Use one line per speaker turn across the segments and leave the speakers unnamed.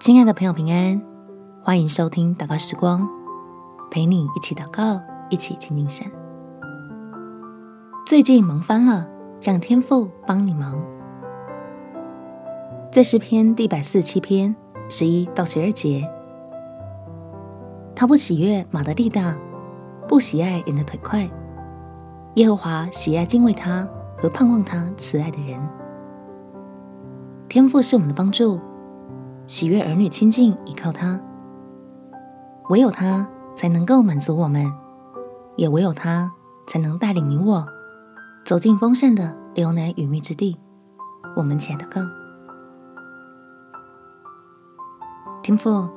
親愛的朋友平安！歡迎收聽禱告時光，陪你一起禱告，一起親近神。最近忙翻了，讓天父幫你忙。在詩篇第一百四十七篇十一到十二節，他不喜悅馬的力大，不喜愛人的腿快。耶和華喜愛敬畏他和盼望他慈愛的人。天父是我們的幫助。喜悅兒女親近，依靠他唯有他才能夠滿足我們，也唯有他才能帶領你我走進豐盛的流奶與蜜之地。我們前的歌，天父，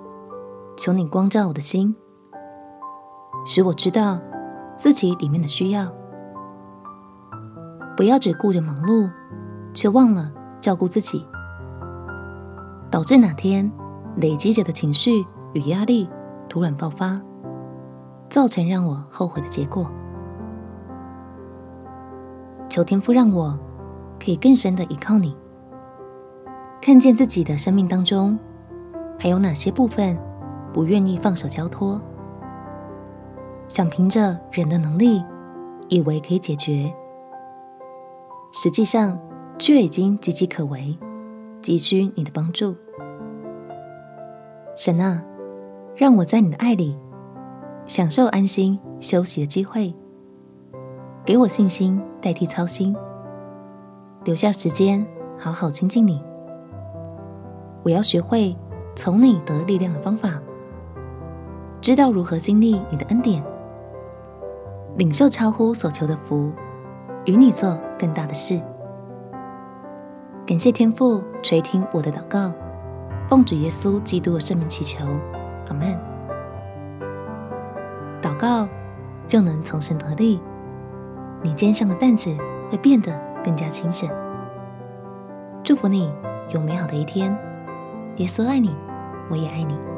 求你光照我的心，使我知道自己裡面的需要，不要只顧着忙碌，卻忘了照顧自己。導致哪天累積着的情緒與壓力突然爆發，造成讓我後悔的結果。求天父讓我可以更深的依靠你，看見自己的生命當中還有哪些部分不願意放手交託，想憑着人的能力以為可以解決，實際上卻已經岌岌可危，急需你的幫助。神啊，讓我在你的愛裡享受安心休息的機會，給我信心代替操心，留下時間好好親近你。我要學會從你得力量的方法，知道如何經歷你的恩典，領受超乎所求的福，與你做更大的事。感謝天父垂聽我的禱告。奉主耶穌基督的聖名祈求，阿門。禱告就能從神得力，你肩上的擔子會變得更加輕省。祝福你有美好的一天，耶穌愛你，我也愛你。